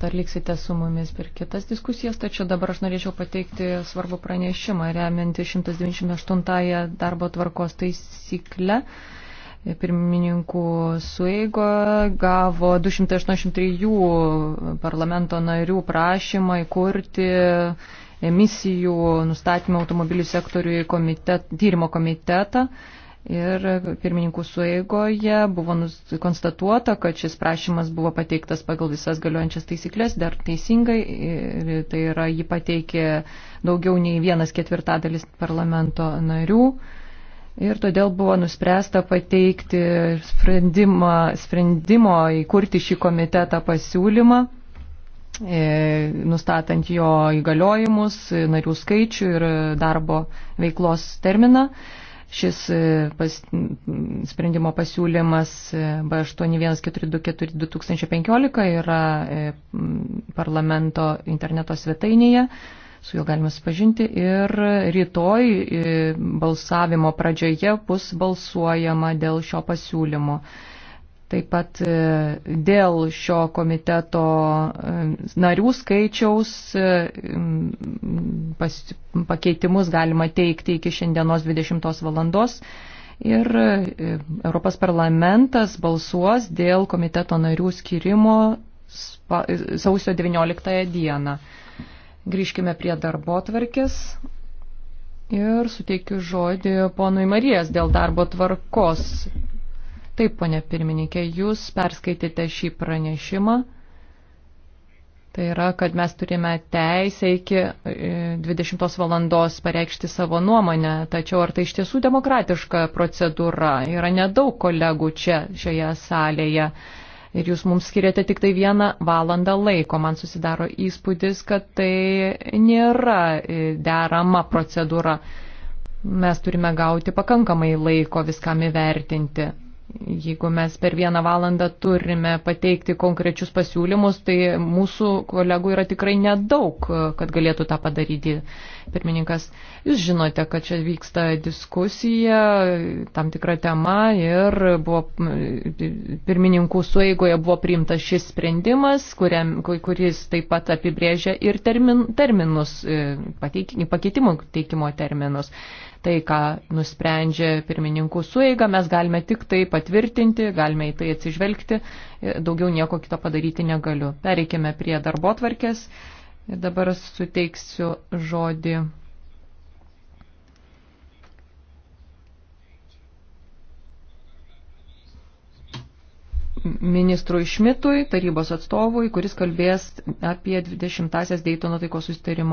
dar liksite su mumis per kitas diskusijas, tačiau dabar aš norėčiau pateikti svarbu pranešimą, remianti 198-ąją darbo tvarkos taisyklę. Pirmininkų sueigo gavo 283 parlamento narių prašymą įkurti emisijų nustatymo automobilių sektoriui komitet, tyrimo komitetą Ir pirmininkų sueigoje buvo konstatuota, kad šis prašymas buvo pateiktas pagal visas galiojančias taisyklės, dar teisingai, tai yra jį pateikė daugiau nei vienas ketvirtadalis parlamento narių. Ir todėl buvo nuspręsta pateikti sprendimą, sprendimo įkurti šį komitetą pasiūlymą e, nustatant jo įgaliojimus, narių skaičių ir darbo veiklos terminą. Šis e, pas, sprendimo pasiūlymas e, B81422015 yra e, parlamento interneto svetainėje, su juo galima susipažinti ir rytoj balsavimo pradžioje bus balsuojama dėl šio pasiūlymo. Taip pat e, dėl šio komiteto e, narių skaičiaus e, pas, pakeitimus galima teikti iki šiandienos 20 valandos ir Europos parlamentas balsuos dėl komiteto narių skirimo sausio 19 dieną. Grįžkime prie darbo tvarkės ir suteikiu žodį ponui Marijas dėl darbo tvarkos. Taip, ponė pirmininkė, jūs perskaitėte šį pranešimą. Tai yra, kad mes turime teisę iki 20 e, valandos pareikšti savo nuomonę, tačiau ar tai iš tiesų demokratiška procedūra? Yra nedaug kolegų čia šioje salėje ir jūs mums skiriate tik tai vieną valandą laiko. Man susidaro įspūdis, kad tai nėra e, derama procedūra. Mes turime gauti pakankamai laiko viskam įvertinti jeigu mes per vieną valandą turime pateikti konkrečius pasiūlymus, tai mūsų kolegų yra tikrai nedaug, e, kad galėtų tą padaryti pirmininkas. Jūs žinote, kad čia vyksta diskusija, tam tikra tema ir buvo pirmininkų sueigoje buvo priimtas šis sprendimas, kuriam, kuris taip pat apibrėžia ir termin, terminus, e, pakeitimų teikimo terminus tai, ką nusprendžia pirmininkų sueiga, mes galime tik tai patvirtinti, galime į tai atsižvelgti, daugiau nieko kito padaryti negaliu. Pereikime prie darbo tvarkės ir dabar suteiksiu žodį. ministrui Šmitui, tarybos atstovui, kuris kalbės apie 20-asias Deitono taikos sustarimo